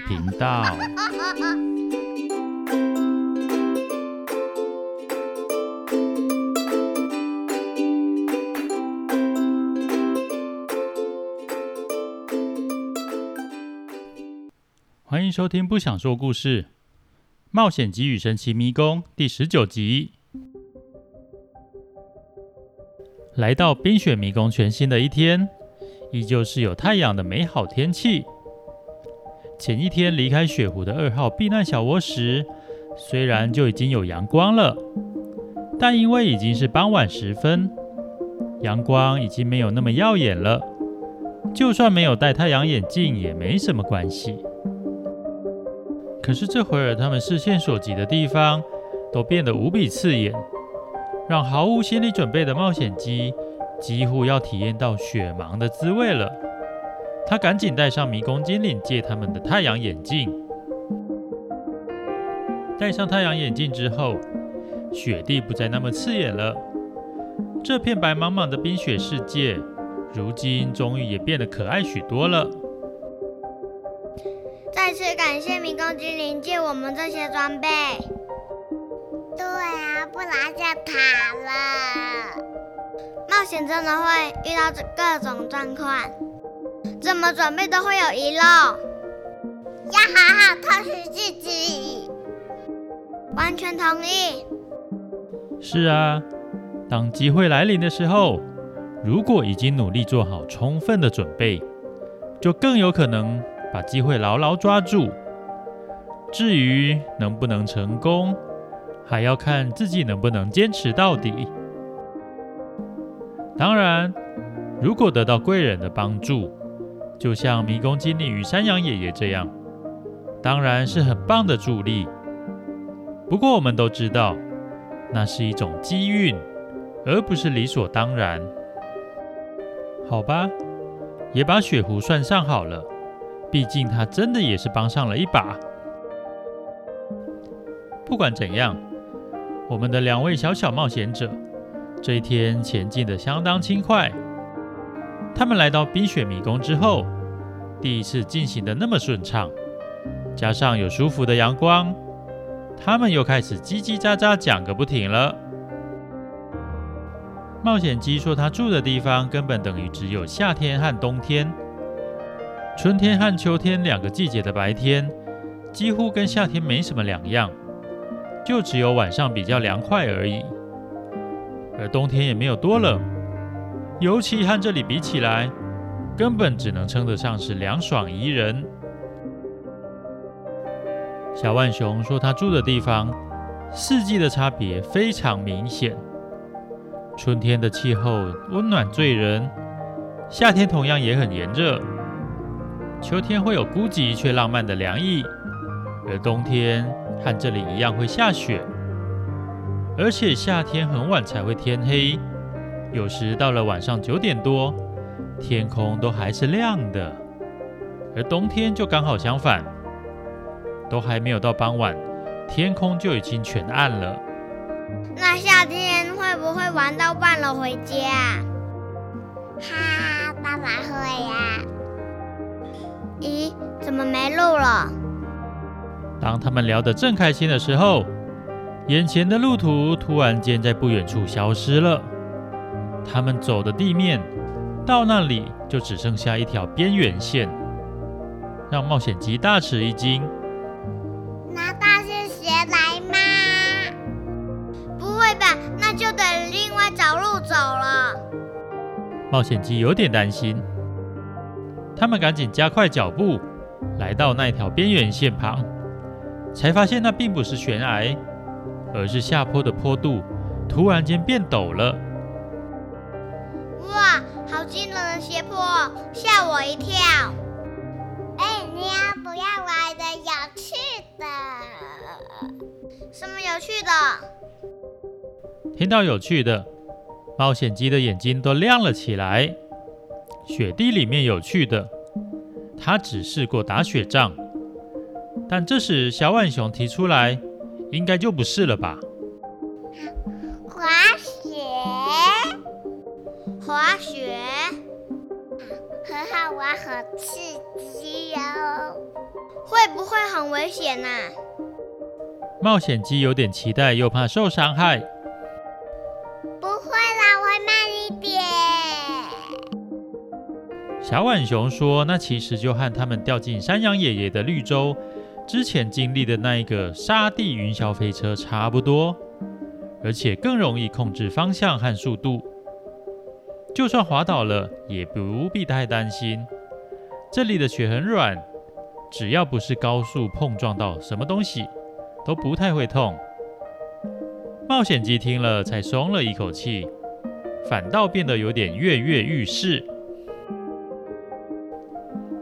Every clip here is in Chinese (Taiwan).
頻道，歡迎收聽《不想說故事：冒險雞與神奇迷宮》第十九集。來到冰雪迷宮，全新的一天，依舊是有太陽的美好天氣。前一天離開雪湖的二號避難小窩時，雖然就已經有陽光了，但因為已經是傍晚時分，陽光已經沒有那麼耀眼了，就算沒有戴太陽眼鏡也沒什麼關係。可是這會兒他們視線所及的地方都變得無比刺眼，讓毫無心理準備的冒險雞幾乎要體驗到雪盲的滋味了。他趕緊戴上迷宮精靈借他們的太陽眼鏡。戴上太陽眼鏡之後，雪地不再那麼刺眼了。這片白茫茫的冰雪世界，如今終於也變得可愛許多了。再次感謝迷宮精靈借我們這些裝備。對啊，不然就慘了。冒險真的會遇到各種狀況。怎麼準備都會有遺漏，要好好充實自己。完全同意。是啊，當機會來臨的時候，如果已經努力做好充分的準備，就更有可能把機會牢牢抓住。至於能不能成功，還要看自己能不能堅持到底。當然，如果得到貴人的幫助，就像迷宮經理與山羊爺爺這樣，當然是很棒的助力。不過我們都知道，那是一種機運，而不是理所當然。好吧，也把雪狐算上好了，畢竟他真的也是幫上了一把。不管怎樣，我們的兩位小小冒險者這一天前進得相當輕快。他們來到冰雪迷宮之後，第一次進行的那麼順暢，加上有舒服的陽光，他們又開始嘰嘰喳喳講個不停了。冒險雞說，他住的地方根本等於只有夏天和冬天，春天和秋天兩個季節的白天幾乎跟夏天沒什麼兩樣，就只有晚上比較涼快而已。而冬天也沒有多冷，尤其和這裡比起來。根本只能稱得上是涼爽宜人。小浣熊說，他住的地方四季的差別非常明顯。春天的氣候溫暖醉人，夏天同樣也很炎熱，秋天會有孤寂卻浪漫的涼意，而冬天和這裡一樣會下雪，而且夏天很晚才會天黑，有時到了晚上九點多。天空都還是亮的，而冬天就剛好相反，都還沒有到傍晚，天空就已經全暗了。那夏天會不會玩到忘了回家，啊？哈，哈，爸爸會呀，啊。咦，怎麼沒路了？當他們聊得正開心的時候，眼前的路途突然間在不遠處消失了，他們走的地面。到那裡就只剩下一條邊緣線，讓冒險雞大吃一驚。拿大線鞋來嗎？不會吧，那就得另外找路走了。冒險雞有點擔心，他們趕緊加快腳步，來到那條邊緣線旁，才發現那並不是懸崖，而是下坡的坡度突然間變陡了。驚人的斜坡嚇我一跳！哎、欸，你要不要玩的有趣的？什麼有趣的？聽到有趣的，冒險雞的眼睛都亮了起來。雪地裡面有趣的，他只試過打雪仗。但這時小浣熊提出來，應該就不是了吧？嗯哇，我好刺激哦！會不會很危險啊？冒險雞有點期待，又怕受傷害。不會啦，我會慢一點。小浣熊說：“那其實就和他們掉進山羊爺爺的綠洲之前經歷的那一個沙地雲霄飛車差不多，而且更容易控制方向和速度。”就算滑倒了，也不必太擔心。這裡的雪很軟，只要不是高速碰撞到什麼東西，都不太會痛。冒險雞聽了才鬆了一口氣，反倒變得有點躍躍欲試。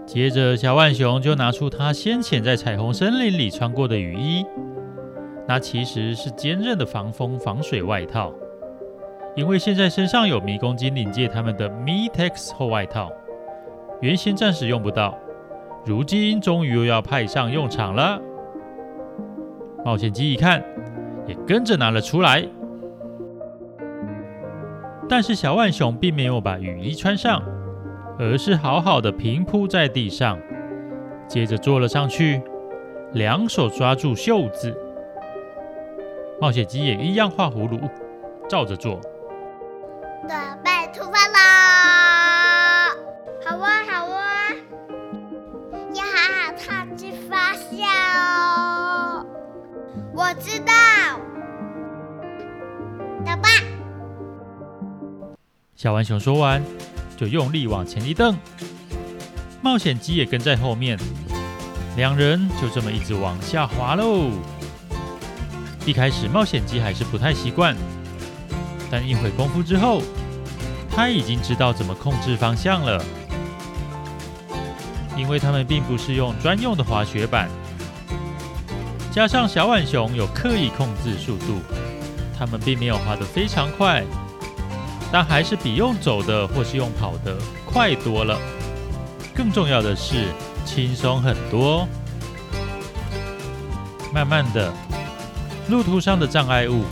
接着，小浣熊就拿出他先前在彩虹森林裡穿過的雨衣，那其實是堅韌的防風防水外套。因為現在身上有迷宮精靈借他們的 Metex 厚外套，原先暫時用不到，如今終於又要派上用場了。冒險雞一看，也跟着拿了出來。但是小浣熊並沒有把雨衣穿上，而是好好的平鋪在地上，接着坐了上去，兩手抓住袖子。冒險雞也一樣畫葫蘆，照着做。準備出發啦！好哇，好哇！要好好看。雞發笑。我知道。老爸。小浣熊說完，就用力往前一蹬，冒險雞也跟在後面，兩人就這麼一直往下滑嘍。一開始冒險雞還是不太習慣，但一會功夫之後。他已經知道怎麼控制方向了，因為他們並不是用專用的滑雪板。加上小浣熊有刻意控制速度，他們並沒有滑得非常快，但還是比用走的或是用跑的快多了。更重要的是，輕鬆很多。慢慢的，路途上的障礙物，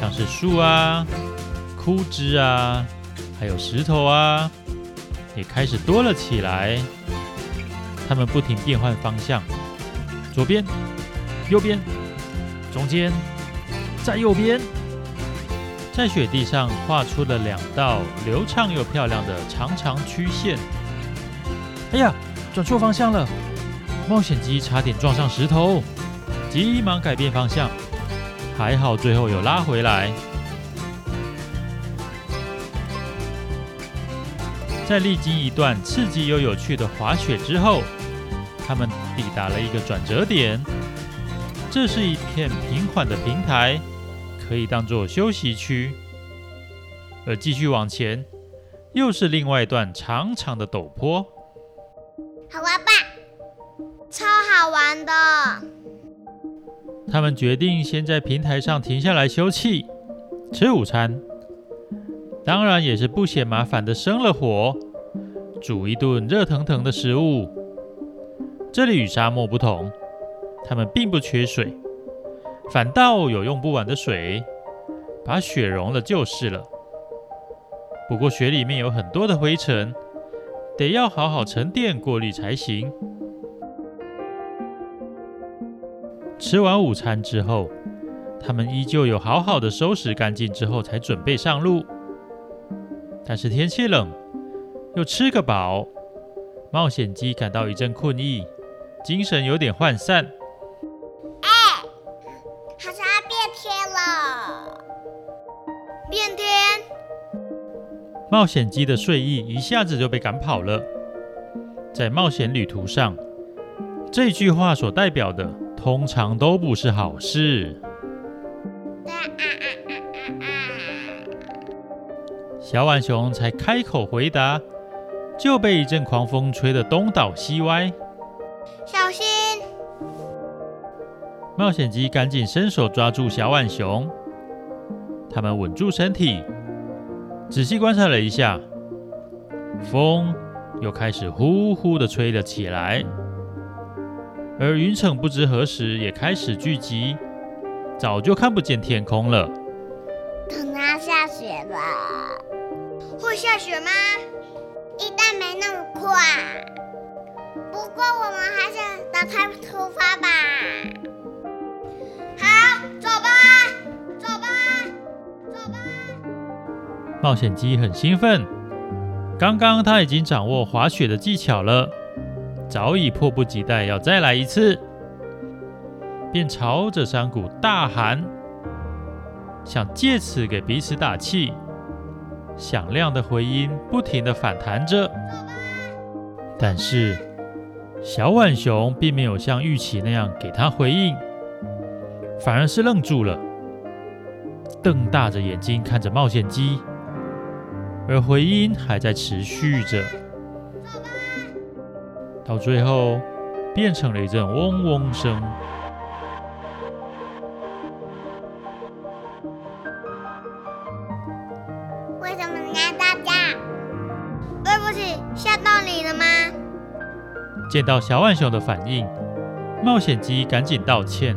像是樹啊、枯枝啊。還有石頭啊，也開始多了起來。他們不停變換方向，左邊、右邊、中間，在右邊，在雪地上畫出了兩道流暢又漂亮的長長曲線。哎呀，轉錯方向了！冒險雞差點撞上石頭，急忙改變方向，還好最後有拉回來。在歷經一段刺激又有趣的滑雪之後，他們抵達了一個轉折點。這是一片平緩的平台，可以當做休息區。而繼續往前，又是另外一段長長的陡坡。好玩吧？超好玩的！他們決定先在平台上停下來休憩，吃午餐。當然也是不嫌麻煩的，生了火煮，一頓熱騰騰的食物。這裡與沙漠不同，它們並不缺水，反倒有用不完的水，把雪融了就是了。不過雪裡面有很多的灰塵，得要好好沉澱過濾才行。吃完午餐之後，它們依舊有好好的收拾乾淨之後才準備上路。但是天氣冷，又吃個飽，冒險雞感到一陣困意，精神有點渙散。哎，好像要變天了，變天！冒險雞的睡意一下子就被趕跑了。在冒險旅途上，這句話所代表的通常都不是好事。對啊。小浣熊才開口回答，就被一陣狂風吹得東倒西歪。小心！冒險雞趕緊伸手抓住小浣熊，他們穩住身體，仔細觀察了一下，風又開始呼呼地吹了起來，而雲層不知何時也開始聚集，早就看不見天空了。等它下雪吧。下雪嗎？應該沒那麼快啊。不過我們還是打開出發吧。好，走吧，走吧，走吧。冒險雞很興奮，剛剛他已經掌握滑雪的技巧了，早已迫不及待要再來一次，便朝着山谷大喊，想借此給彼此打氣。響亮的回音不停地反彈着，但是小浣熊並沒有像預期那樣給它回應，反而是愣住了，瞪大着眼睛看着冒險雞，而回音還在持續着，到最後變成了一陣嗡嗡聲。呀！對不起，嚇到你了嗎？見到小浣熊的反應，冒險雞趕緊道歉。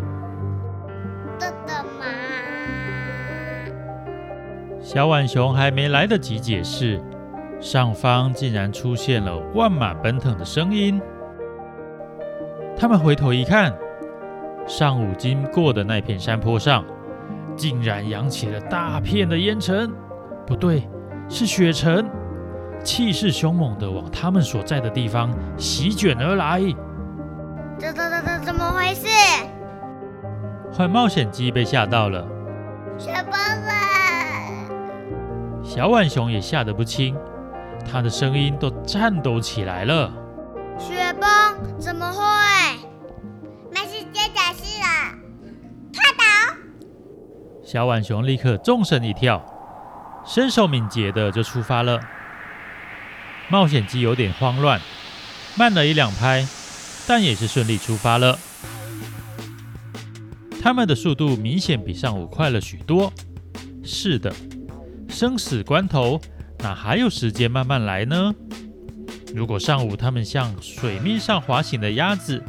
真的嗎？小浣熊還沒來得及解釋，上方竟然出現了萬馬奔騰的聲音。他們回頭一看，上午經過的那片山坡上，竟然揚起了大片的煙塵。不對。是雪塵，氣勢兇猛的往他們所在的地方席捲而來。這、這、這、這怎麼回事？壞冒險雞被嚇到了。雪崩了！小浣熊也嚇得不輕，他的聲音都顫抖起來了。雪崩？怎麼會？沒時間解釋了，快跑！小浣熊立刻縱身一跳，身手敏捷的就出發了，冒險雞有點慌亂，慢了一兩拍，但也是順利出發了。他們的速度明顯比上午快了許多。是的，生死關頭哪還有時間慢慢來呢？如果上午他們像水面上滑行的鴨子，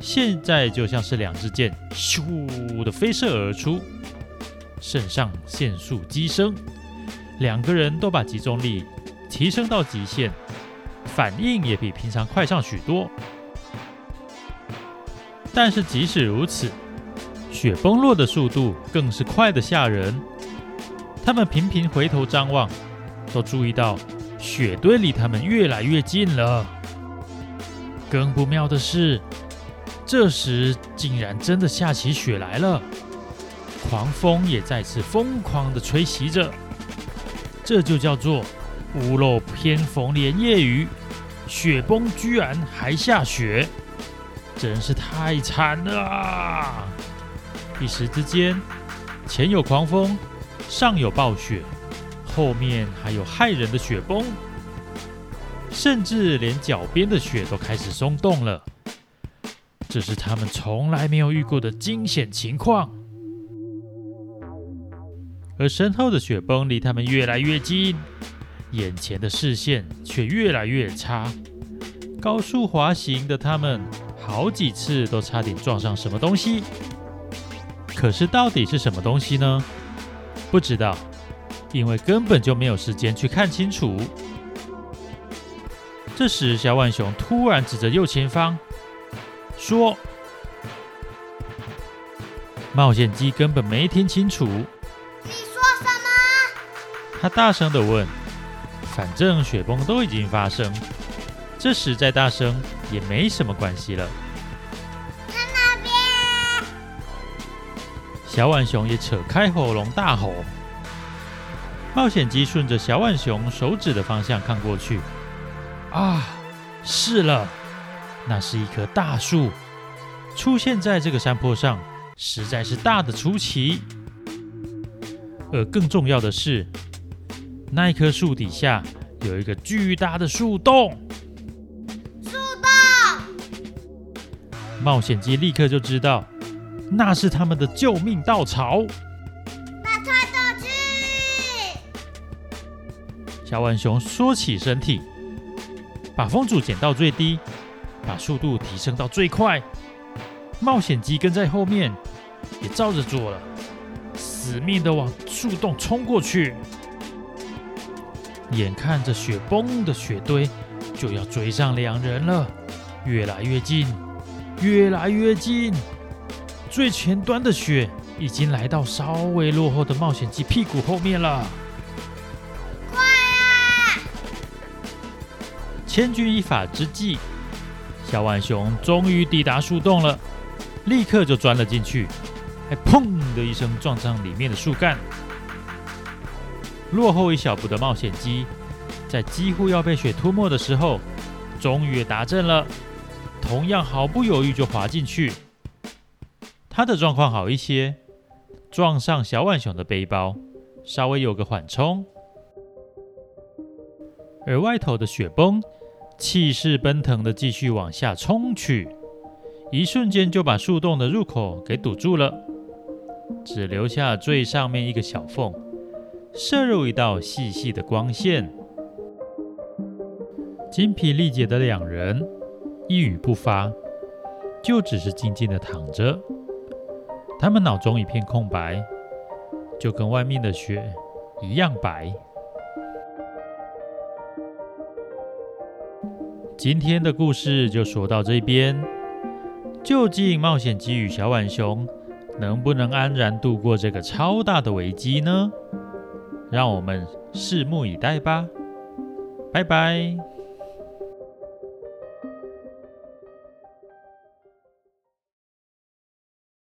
現在就像是兩支箭咻的飛射而出，腎上腺素激升。兩個人都把集中力提升到極限，反應也比平常快上許多。但是即使如此，雪崩落的速度更是快得嚇人。他們頻頻回頭張望，都注意到雪堆離他們越來越近了。更不妙的是，這時竟然真的下起雪來了，狂風也再次瘋狂地吹襲着。這就叫做屋漏偏逢連夜雨，雪崩居然還下雪，真是太慘了！一時之間，前有狂風，上有暴雪，後面還有駭人的雪崩，甚至連腳邊的雪都開始鬆動了。這是他們從來沒有遇過的驚險情況。而身後的雪崩離他們越來越近，眼前的視線卻越來越差。高速滑行的他們，好幾次都差點撞上什麼東西。可是到底是什麼東西呢？不知道，因為根本就沒有時間去看清楚。這時，小浣熊突然指着右前方，說：“冒險雞根本沒聽清楚。”他大聲地問：“反正雪崩都已經發生，這時再大聲也沒什麼關係了。”在那邊！小浣熊也扯開喉嚨大吼。冒險雞順着小浣熊手指的方向看過去，啊，是了，那是一棵大樹，出現在這個山坡上，實在是大的出奇。而更重要的是。那一棵樹底下有一個巨大的樹洞，樹洞到！冒險雞立刻就知道那是他們的救命稻草，打開道具！小浣熊縮起身體，把風阻減到最低，把速度提升到最快。冒險雞跟在後面，也照着做了，死命的往樹洞衝過去。眼看着雪崩的雪堆就要追上兩人了，越來越近，越來越近，最前端的雪已經來到稍微落後的冒險雞屁股後面了。快啊！千鈞一發之際，小浣熊終於抵達樹洞了，立刻就鑽了進去，還砰的一聲撞上裡面的樹幹。落後一小步的冒險雞，在幾乎要被雪吞沒的時候，終於也達陣了。同樣毫不猶豫就滑進去。它的狀況好一些，撞上小浣熊的背包，稍微有個緩衝。而外頭的雪崩，氣勢奔騰的繼續往下衝去，一瞬間就把樹洞的入口給堵住了，只留下最上面一個小縫。射入一道細細的光線。精疲力竭的兩人一語不發，就只是靜靜的躺着。他們腦中一片空白，就跟外面的雪一樣白。今天的故事就說到這邊。究竟冒險雞與小浣熊能不能安然度過這個超大的危機呢？讓我們拭目以待吧，拜拜。